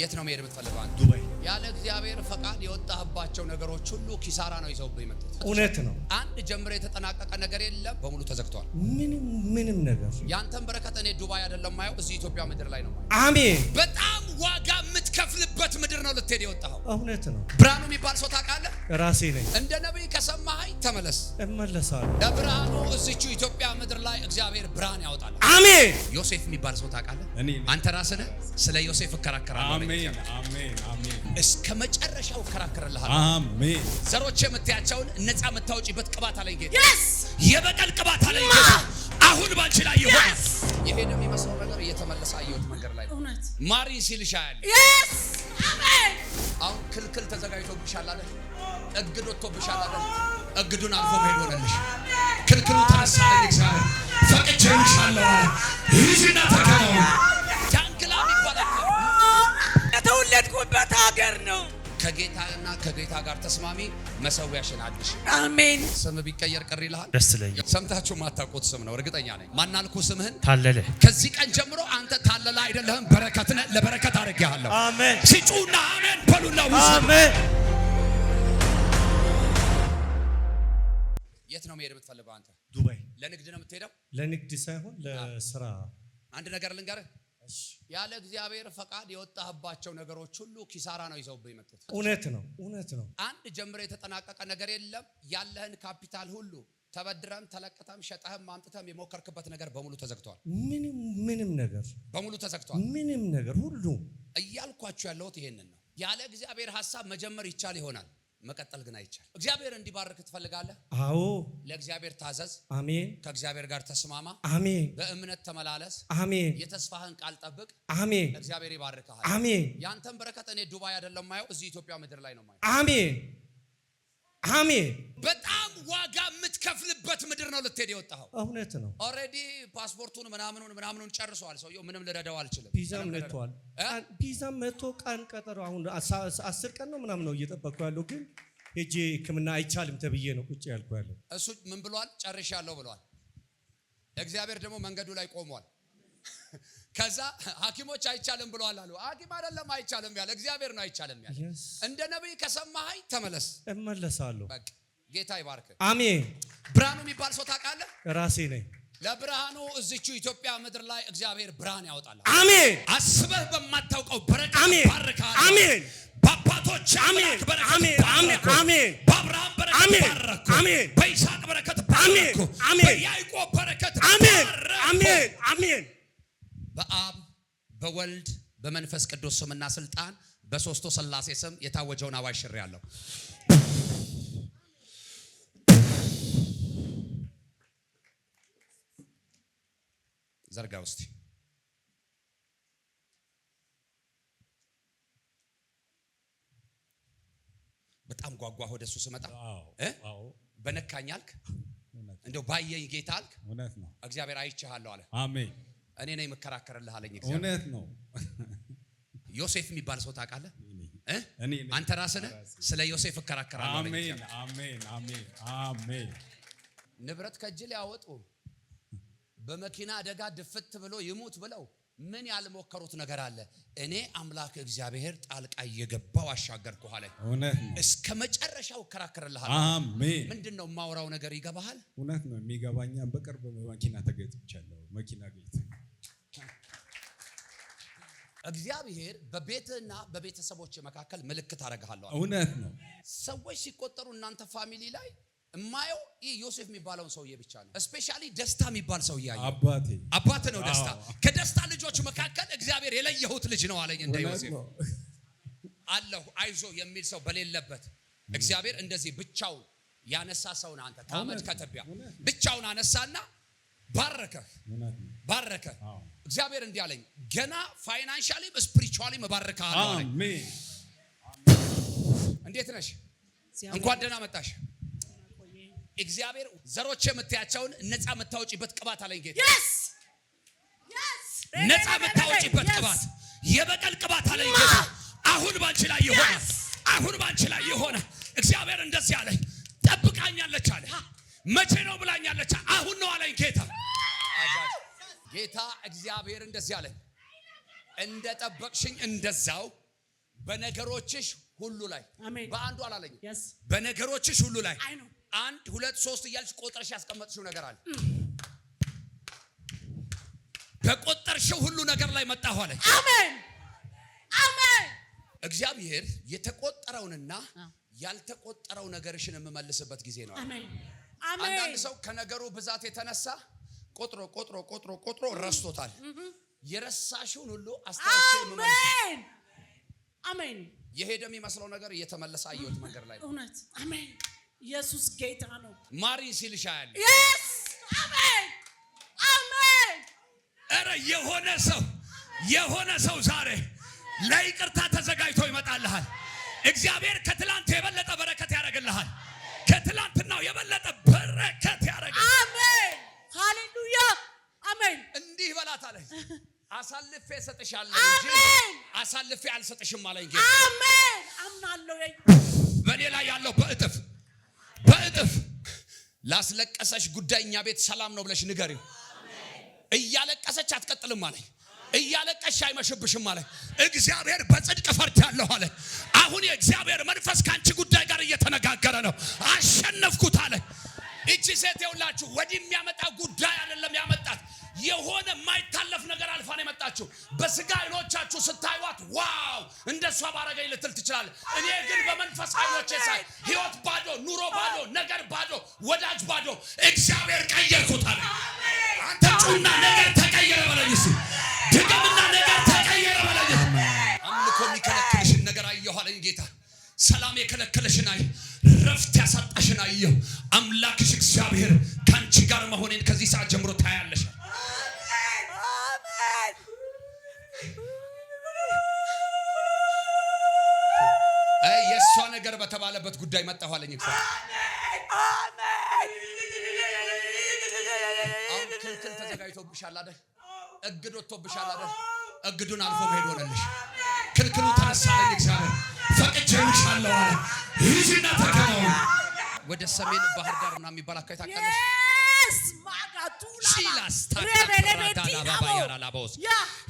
የት ነው መሄድ የምትፈልገው? ዱባይ። ያለ እግዚአብሔር ፈቃድ የወጣህባቸው ነገሮች ሁሉ ኪሳራ ነው ይዘውብህ የመጡት። እውነት ነው። አንድ ጀምሮ የተጠናቀቀ ነገር የለም፣ በሙሉ ተዘግቷል። ምንም ምንም ነገር ያንተን በረከት እኔ ዱባይ አይደለም ማየው፣ እዚህ ኢትዮጵያ ምድር ላይ ነው። አሜን። በጣም ዋጋ የምትከፍልበት ምድር ነው ልትሄድ የወጣኸው። እውነት ነው። ብርሃኑ የሚባል ሰው ታውቃለህ? ራሴ ነኝ። እንደ ነቢይ ከሰማኸኝ ተመለስ። እመለሳለሁ። ለብርሃኑ እዚቹ ኢትዮጵያ ምድር ላይ እግዚአብሔር ብርሃን ያወጣል። አሜን። ዮሴፍ የሚባል ሰው ታውቃለህ? አንተ ራስህ ነህ። ስለ ዮሴፍ እከራከራለሁ። አሜን፣ አሜን፣ አሜን። እስከ መጨረሻው እከራከርልሃለሁ። አሜን። ዘሮቼ የምትያቸውን ነፃ የምታወጪበት ቅባት አለኝ ጌታ። የበቀል ቅባት አለኝ ጌታ አሁን ባንቺ ላይ ይሆናል። ይሄን የሚመስለው ነገር እየተመለሰ አየሁት። መንገድ ላይ ማሪ ሲልሻ ያለ አሁን ክልክል ተዘጋጅቶብሻል አለ። እግድ ወጥቶብሻል አለ። እግዱን አልፎ መሄድ ሆነልሽ። ከጌታና ከጌታ ጋር ተስማሚ መሰዊያሽን አድሽ። አሜን። ስም ቢቀየር ቅር ይልሃል? ደስ ይለኛል። ሰምታችሁ ማታውቁት ስም ነው፣ እርግጠኛ ነኝ። ማናልኩ ስምህን ታለለ። ከዚህ ቀን ጀምሮ አንተ ታለለ አይደለህም፣ በረከት ነህ። ለበረከት አድርጌሃለሁ። አሜን። ሲጩና አሜን በሉና አሜን። የት ነው መሄድ የምትፈልገው አንተ? ዱባይ። ለንግድ ነው የምትሄደው? ለንግድ ሳይሆን ለስራ። አንድ ነገር ልንገርህ ያለ እግዚአብሔር ፈቃድ የወጣህባቸው ነገሮች ሁሉ ኪሳራ ነው ይዘውብህ የመጡት። እውነት ነው፣ እውነት ነው። አንድ ጀምሮ የተጠናቀቀ ነገር የለም። ያለህን ካፒታል ሁሉ ተበድረም ተለቅተም ሸጠህም አምጥተም የሞከርክበት ነገር በሙሉ ተዘግቷል። ምንም ምንም ነገር በሙሉ ተዘግቷል። ምንም ነገር ሁሉ እያልኳችሁ ያለሁት ይሄንን ነው። ያለ እግዚአብሔር ሀሳብ መጀመር ይቻል ይሆናል መቀጠል ግን አይቻል። እግዚአብሔር እንዲባርክ ትፈልጋለህ? አዎ። ለእግዚአብሔር ታዘዝ። አሜን። ከእግዚአብሔር ጋር ተስማማ። አሜን። በእምነት ተመላለስ። አሜን። የተስፋህን ቃል ጠብቅ። አሜን። እግዚአብሔር ይባርክሃል። አሜን። ያንተን በረከት እኔ ዱባይ አይደለም ማየው፣ እዚህ ኢትዮጵያ ምድር ላይ ነው ማየው። አሜን። አሜን። በጣም ዋጋ የምትከፍልበት ምድር ነው ልትሄድ የወጣኸው። እውነት ነው። ኦልሬዲ ፓስፖርቱን ምናምኑን ምናምኑን ጨርሰዋል። ሰውየው ምንም ልረዳው አልችልም። ቢዛም መጥቷል። ቢዛም መጥቶ ቀን ቀጠሮ አሁን አስር ቀን ነው ምናምን ነው እየጠበቅኩ ያለው ግን ሄጄ ሕክምና አይቻልም ተብዬ ነው ቁጭ ያልኩ ያለው። እሱ ምን ብሏል? ጨርሻለሁ ብሏል። እግዚአብሔር ደግሞ መንገዱ ላይ ቆሟል። ከዛ ሐኪሞች አይቻልም ብለዋል አሉ። ሐኪም አይደለም አይቻልም ያለ እግዚአብሔር ነው አይቻልም ያለ። እንደ ነቢይ ከሰማኸኝ ተመለስ። እመለሳለሁ። ጌታ ይባርክ። አሜን። ብርሃኑ የሚባል ሰው ታውቃለህ? ራሴ ነኝ። ለብርሃኑ እዚቹ ኢትዮጵያ ምድር ላይ እግዚአብሔር ብርሃን ያወጣል። አሜን። አስበህ በማታውቀው በረከት ይባርካል። አሜን። በአባቶች አሜን። አሜን። አሜን። በአብርሃም በረከት ባርኩ። አሜን። በይስሐቅ በረከት ባርኩ። አሜን። በያዕቆብ በረከት አሜን። አሜን። አሜን በአብ በወልድ በመንፈስ ቅዱስ ስምና ስልጣን በሶስቱ ሥላሴ ስም የታወጀውን አዋጅ ሽሬ ያለው ዘርጋ ውስጥ በጣም ጓጓ ወደ እሱ ስመጣ በነካኝ አልክ፣ እንደው ባየኝ ጌታ አልክ። እግዚአብሔር አይቼሃለሁ አለ። አሜን እኔ ነኝ የምከራከርልህ አለኝ። እውነት ነው። ዮሴፍ የሚባል ሰው ታውቃለህ? አንተ ራስህ ስለ ዮሴፍ እከራከራለሁ። ንብረት ከእጅ ሊያወጡ በመኪና አደጋ ድፍት ብሎ ይሙት ብለው ምን ያልሞከሩት ነገር አለ? እኔ አምላክ እግዚአብሔር ጣልቃ እየገባው አሻገርኩህ አለ። እስከ መጨረሻው እከራከርልሃለሁ። አሜን። ምንድን ነው የማወራው ነገር ይገባሃል? እውነት ነው የሚገባኛ። በቅርብ በመኪና ተገጭቻለሁ። መኪና ቤት እግዚአብሔር በቤትህና በቤተሰቦች መካከል ምልክት አደርግሃለሁ። እውነት ነው። ሰዎች ሲቆጠሩ እናንተ ፋሚሊ ላይ እማየው ይህ ዮሴፍ የሚባለውን ሰውዬ ብቻ ነው። እስፔሻሊ ደስታ የሚባል ሰውዬ አየሁ። አባቴ አባቴ ነው ደስታ። ከደስታ ልጆች መካከል እግዚአብሔር የለየሁት ልጅ ነው አለኝ። እንደ ዮሴፍ አለሁ አይዞ የሚል ሰው በሌለበት እግዚአብሔር እንደዚህ ብቻው ያነሳ ሰውን አንተ ከአመድ ከትቢያ ብቻውን አነሳና ባረከ ባረከ። እግዚአብሔር እንዲህ አለኝ፣ ገና ፋይናንሻሊም ስፒሪቹዋሊም እባርክሃለሁ አለኝ። እንዴት ነሽ? እንኳን ደህና መጣሽ። እግዚአብሔር ዘሮች የምታያቸውን ነፃ የምታወጪበት ቅባት አለኝ ጌታ። ነፃ የምታወጪበት ቅባት፣ የበቀል ቅባት አለኝ ጌታ። አሁን ባንቺ ላይ የሆነ አሁን ባንቺ ላይ የሆነ እግዚአብሔር እንደዚህ አለኝ፣ ጠብቃኛለች አለ። መቼ ነው ብላኛለች? አሁን ነው አለኝ ጌታ ጌታ እግዚአብሔር እንደዚህ አለ፣ እንደ ጠበቅሽኝ እንደዛው በነገሮችሽ ሁሉ ላይ በአንዱ አላለኝ፣ በነገሮችሽ ሁሉ ላይ አንድ ሁለት ሶስት እያልሽ ቆጥረሽ ያስቀመጥሽው ነገር አለ። በቆጠርሽው ሁሉ ነገር ላይ መጣሁ አለ። አሜን አሜን። እግዚአብሔር የተቆጠረውንና ያልተቆጠረው ነገርሽን የምመልስበት ጊዜ ነው። አንዳንድ ሰው ከነገሩ ብዛት የተነሳ ቆጥሮ ቆጥሮ ቆጥሮ ቆጥሮ ረስቶታል። የረሳሽውን ሁሉ አስታውሽ። አሜን የሄደ የሚመስለው ነገር እየተመለሰ አየሁት መንገድ ላይ እውነት። አሜን። ኢየሱስ ጌታ ነው። ማሪ ሲልሽ ያለ አሜን አሜን። ኧረ የሆነ ሰው የሆነ ሰው ዛሬ ለይቅርታ ተዘጋጅቶ ይመጣልሃል። እግዚአብሔር ከትላንት የበለጠ በረከት ያደርግልሃል። ከትላንትናው የበለጠ በረከት ያደርግልሃል። አሜን ሃሌሉያ አሜን። እንዲህ በላት አለ አሳልፌ እንጂ አሳልፌ አልሰጥሽም አለኝ ጌታ። አሜን አምናለሁ። በእኔ ላይ ያለው በእጥፍ በእጥፍ ላስለቀሰሽ ጉዳይ እኛ ቤት ሰላም ነው ብለሽ ንገሪው። እያለቀሰች አትቀጥልም አለኝ። እያለቀሽ አይመሽብሽም አለኝ። እግዚአብሔር በጽድቅ ፈርጃለሁ አሁን የእግዚአብሔር መንፈስ ከአንቺ ጉዳይ ጋር እየተነጋገረ ነው። አሸነፍኩት አለኝ። እቺ ሴት የውላችሁ ወዲህ የሚያመጣ ጉዳይ አይደለም ያመጣት የሆነ የማይታለፍ ነገር አልፋ ነው የመጣችሁ። በስጋ አይኖቻችሁ ስታዩት ዋው እንደሷ ባረገኝ ልትል ትችላለ። እኔ ግን በመንፈስ አይኖቼ ሳይ ህይወት ባዶ፣ ኑሮ ባዶ፣ ነገር ባዶ፣ ወዳጅ ባዶ። እግዚአብሔር ቀየርኩት አንተ ጩና ነገር ተቀየረ በለኝ እስኪ ነገር ተቀየረ በለኝ። አምልኮ የሚከለክልሽን ነገር አየሁ ጌታ። ሰላም የከለከለሽን አየሁ፣ ረፍት ያሳጣሽን አየሁ አምላክሽ እግዚአብሔር ከአንቺ ጋር መሆኔን ከዚህ ሰዓት ጀምሮ ታያለሽ። የእሷ ነገር በተባለበት ጉዳይ መጣኋለኝ። አሁን ክልክል ተዘጋጅቶብሻል አይደል? እግድ ወጥቶብሻል አይደል? እግዱን አልፎ መሄድ ሆነልሽ። ክልክሉ ተነሳለኝ። እግዚአብሔር። ፈቅጄልሻለሁ አለ። ሂጂና ተከናወን ወደ ሰሜን ባህር ዳር ምናምን የሚባል አካባቢ ታውቃለሽ?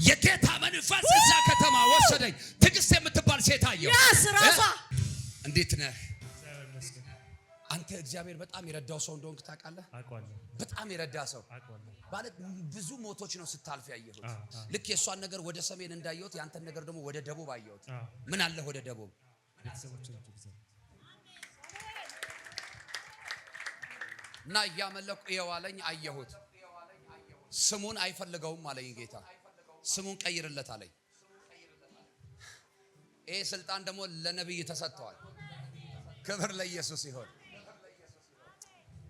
የጌታ መንፈስ እዛ ከተማ ወሰደኝ። ትዕግስት የምትባል ሴት አየሁ። እንዴት ነህ አንተ? እግዚአብሔር በጣም የረዳው ሰው እንደሆንክ ታውቃለህ። በጣም የረዳ ሰው ማለት ብዙ ሞቶች ነው ስታልፍ ያየሁት። ልክ የእሷን ነገር ወደ ሰሜን እንዳየሁት የአንተን ነገር ደግሞ ወደ ደቡብ አየሁት። ምን አለህ ወደ ደቡብ እና እያመለኩ አየሁት። ስሙን አይፈልገውም አለኝ ጌታ። ስሙን ቀይርለት አለኝ። ይህ ስልጣን ደግሞ ለነቢይ ተሰጥተዋል። ክብር ለኢየሱስ ይሆን።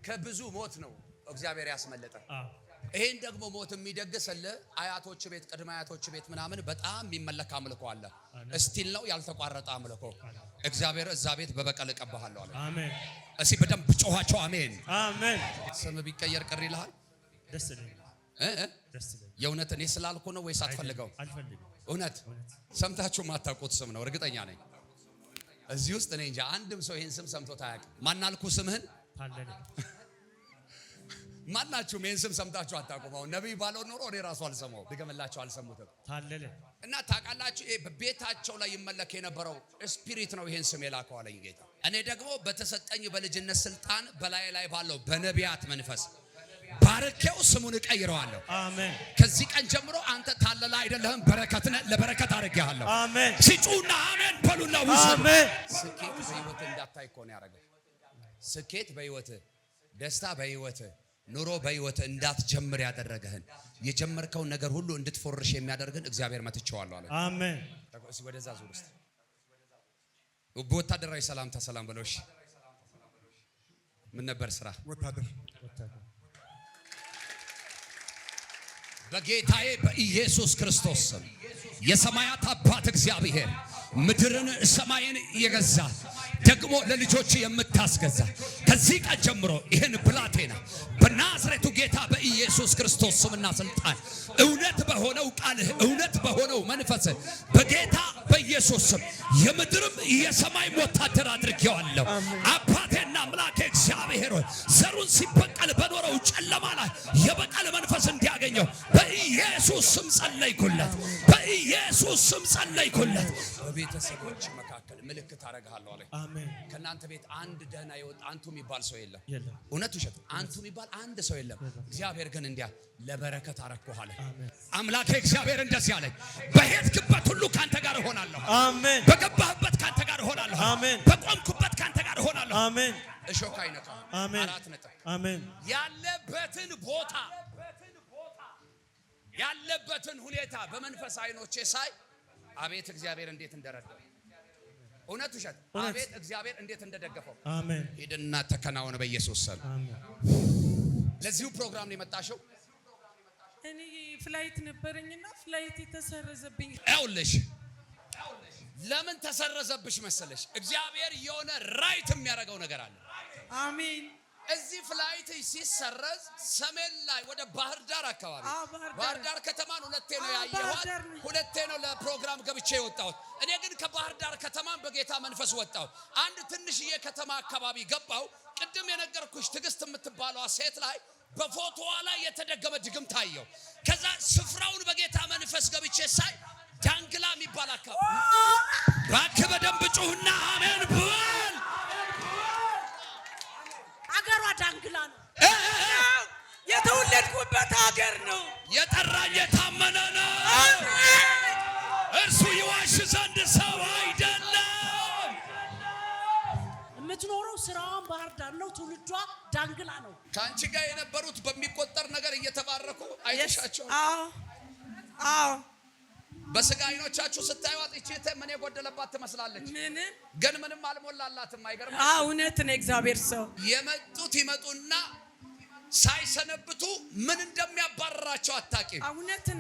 ከብዙ ሞት ነው እግዚአብሔር ያስመለጠ። ይህን ደግሞ ሞት የሚደግስል አያቶች ቤት፣ ቅድመ አያቶች ቤት ምናምን በጣም የሚመለክ አምልኮ አለ። እስቲል ነው ያልተቋረጠ አምልኮ እግዚአብሔር እዛ ቤት በበቀል እቀባሃለሁ አለ። አሜን። እሺ፣ በደንብ ጮኋቸው። አሜን፣ አሜን። ስም ቢቀየር ቅር ይልሃል? ደስ እ የእውነት እኔ ስላልኩ ነው ወይስ አትፈልገው? እውነት ሰምታችሁ ማታውቁት ስም ነው፣ እርግጠኛ ነኝ። እዚህ ውስጥ እኔ እንጂ አንድም ሰው ይሄን ስም ሰምቶት አያውቅም። ማናልኩ ስምህን ማናችሁም ሜን ስም ሰምታችሁ አታውቁም። አሁን ነቢይ ባለው ኖሮ እኔ ራሱ አልሰማው ድገምላቸው አልሰሙትም። ታለለ እና ታውቃላችሁ፣ በቤታቸው ላይ ይመለክ የነበረው ስፒሪት ነው ይሄን ስም የላከው አለኝ ጌታ። እኔ ደግሞ በተሰጠኝ በልጅነት ስልጣን በላይ ላይ ባለው በነቢያት መንፈስ ባርኬው ስሙን እቀይረዋለሁ። አሜን። ከዚህ ቀን ጀምሮ አንተ ታለላ አይደለህም፣ በረከት ነህ። ለበረከት አድርጌሃለሁ። አሜን። ሲጩና አሜን በሉና ውስጥ አሜን። ስኬት በህይወት እንዳታይ እኮ ነው ያደረገው። ስኬት በህይወት ደስታ በህይወት ኑሮ በህይወት እንዳትጀምር ያደረገህን የጀመርከውን ነገር ሁሉ እንድትፎርሽ የሚያደርግን እግዚአብሔር መትቼዋለሁ አለ። አሜን። ወደዛ ዙር ውስጥ በወታደራዊ ሰላምታ ሰላም ብለሽ ምን ነበር ስራ ወታደር በጌታዬ በኢየሱስ ክርስቶስ ስም የሰማያት አባት እግዚአብሔር ምድርን ሰማይን የገዛ ደግሞ ለልጆች የምታስገዛ ከዚህ ቀን ጀምሮ ይህን ብላቴና በናዝሬቱ ጌታ በኢየሱስ ክርስቶስ ስምና ስልጣን እውነት በሆነው ቃልህ እውነት በሆነው መንፈስ በጌታ በኢየሱስ ስም የምድርም የሰማይም ወታደር አድርጌዋለሁ። አባቴና አምላኬ እግዚአብሔር ሆይ ዘሩን ሲበቀል በኖረው ጨለማ ላይ የበቀል መንፈስ እንዲያገኘው በኢየሱስ ስም ጸለይኩለት። በኢየሱስ ስም ጸለይኩለት። በቤተሰቦች መካከል ምልክት አደርግሃለሁ አለኝ። ከእናንተ ቤት አንድ ደህና የወጣ አንቱ የሚባል ሰው የለም። እውነት ውሸት፣ አንቱ የሚባል አንድ ሰው የለም። እግዚአብሔር ግን እንዲያ ለበረከት አደረግኩህ አለ። አምላኬ እግዚአብሔር እንደዚህ አለኝ፣ በሄድክበት ሁሉ ካንተ ጋር እሆናለሁ። አሜን። በገባህበት ካንተ ጋር እሆናለሁ። አሜን። በቆምኩበት ካንተ ጋር እሆናለሁ። አሜን። እሾክ አይነካም። አሜን። አራት ነጥብ። አሜን። ያለበትን ቦታ ያለበትን ሁኔታ በመንፈስ አይኖቼ ሳይ አቤት እግዚአብሔር እንዴት እንደረዳ እውነት ውሸት? አቤት እግዚአብሔር እንዴት እንደደገፈው። አሜን። ሂድና ተከናወነ በኢየሱስ ስም። ለዚሁ ፕሮግራም ነው የመጣሽው? እኔ ፍላይት ነበረኝና ፍላይት የተሰረዘብኝ። ይኸውልሽ ለምን ተሰረዘብሽ መሰለሽ? እግዚአብሔር የሆነ ራይት የሚያደርገው ነገር አለ። አሜን እዚህ ፍላይት ሲሰረዝ ሰሜን ላይ ወደ ባህር ዳር አካባቢ ባህር ዳር ከተማን ሁለቴ ነው ያየኋት። ሁለቴ ነው ለፕሮግራም ገብቼ የወጣሁት። እኔ ግን ከባህር ዳር ከተማን በጌታ መንፈስ ወጣሁ። አንድ ትንሽዬ ከተማ አካባቢ ገባሁ። ቅድም የነገርኩሽ ትዕግስት የምትባለዋ ሴት ላይ በፎቶዋ ላይ የተደገመ ድግም ታየው። ከዛ ስፍራውን በጌታ መንፈስ ገብቼ ሳይ ዳንግላ የሚባል አካባቢ ባክ በደንብ ጩሁና አሜን ሀገሯ ዳንግላ ነው። የተወለድኩበት ሀገር ነው። የጠራኝ የታመነ ነው። እርሱ ይዋሽ ዘንድ ሰው አይደለም። የምትኖረው ስራዋን ባህር ዳር ነው። ትውልዷ ዳንግላ ነው። ከአንቺ ጋር የነበሩት በሚቆጠር ነገር እየተባረኩ አይሻቸው። አዎ አዎ በስጋ አይኖቻችሁ ስታዩት እቺ ምን የጎደለባት ትመስላለች፣ ግን ምንም አልሞላላትም። አይገርም? እውነት ነው። እግዚአብሔር ሰው የመጡት ይመጡና ሳይሰነብቱ ምን እንደሚያባርራቸው አታውቂም።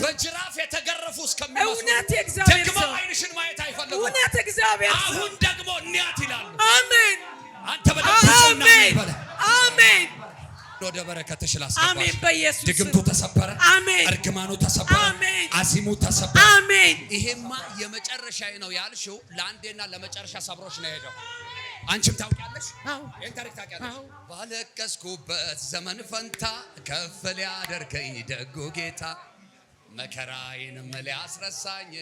በጅራፍ የተገረፉ እስከሚመስሉ ደግሞ አይንሽን ማየት አይፈልጉም። እውነት እግዚአብሔር አሁን ደግሞ እንያት ይላሉ። አሜን። አንተ በደምብ አሜን፣ አሜን ወደ በረከትሽ ላስገባሽ። አሜን። በኢየሱስ ድግምቱ ተሰበረ። እርግማኑ ተሰበረ። ተሰበረ። አሜን። ይሄማ የመጨረሻዬ ነው ያልሽው ለአንዴና ለመጨረሻ ነው የሄደው። አንቺም ታውቂያለሽ፣ ታሪክ ታውቂያለሽ። ባለቀስኩበት ዘመን ፈንታ ከፍ ሊያደርገኝ ደጉ ጌታ መከራዬንም ሊያስረሳኝ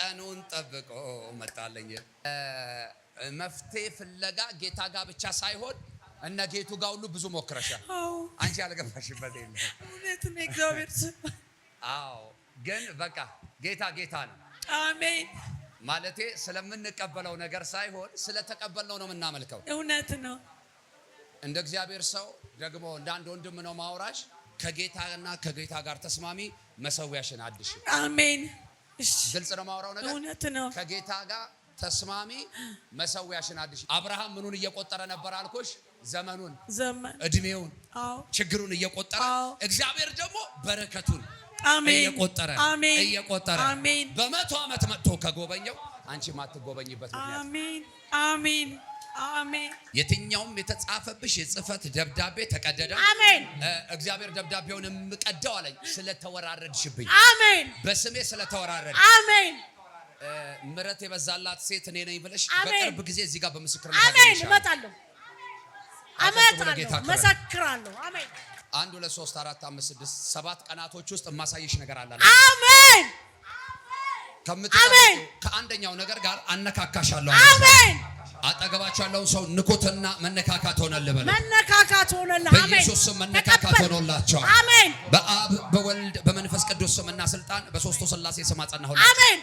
ቀኑን ጠብቆ መጣለኝ። መፍትሄ ፍለጋ ጌታ ጋር ብቻ ሳይሆን እና ጌቱ ጋር ሁሉ ብዙ ሞክረሻል። አንቺ ያልገባሽበት የለ። እውነት ነው እግዚአብሔር አዎ ግን በቃ ጌታ ጌታ ነው። አሜን። ማለቴ ስለምንቀበለው ነገር ሳይሆን ስለተቀበልነው ነው የምናመልከው። እውነት ነው። እንደ እግዚአብሔር ሰው ደግሞ እንደ አንድ ወንድም ነው ማውራሽ። ከጌታና ከጌታ ጋር ተስማሚ መሰዊያሽን አድሽ። አሜን። ግልጽ ነው ማውራው ነገር። እውነት ነው። ከጌታ ጋር ተስማሚ መሰዊያሽን አድሽ። አብርሃም ምኑን እየቆጠረ ነበር አልኩሽ? ዘመኑን እድሜውን ችግሩን እየቆጠረ እግዚአብሔር ደግሞ በረከቱን እየቆጠረ እየቆጠረ በመቶ ዓመት መጥቶ ከጎበኘው አንቺ ማትጎበኝበት ምክንያት አሜን። የትኛውም የተጻፈብሽ የጽህፈት ደብዳቤ ተቀደደ። አሜን። እግዚአብሔር ደብዳቤውን የምቀደው አለኝ ስለተወራረድሽብኝ፣ አሜን። በስሜ ስለተወራረድ፣ አሜን። ምረት የበዛላት ሴት እኔ ነኝ ብለሽ በቅርብ ጊዜ እዚህ ጋር በምስክር አሜን እመጣለሁ አመጣለሁ፣ መሰክራለሁ። አሜን። አንድ ሁለት ሶስት አራት አምስት ስድስት ሰባት ቀናቶች ውስጥ የማሳየሽ ነገር አለ። አሜን። ከአንደኛው ነገር ጋር አነካካሻለሁ። አሜን። አጠገባቸው ያለውን ሰው ንኩትና መነካካት ሆነልህ በለው። መነካካት ሆነልህ። በኢየሱስ መነካካት ሆኖላቸዋል። አሜን። በአብ በወልድ በመንፈስ ቅዱስ ስምና ስልጣን በሶስቱ ሥላሴ ስም አጸናሁላቸው። አሜን።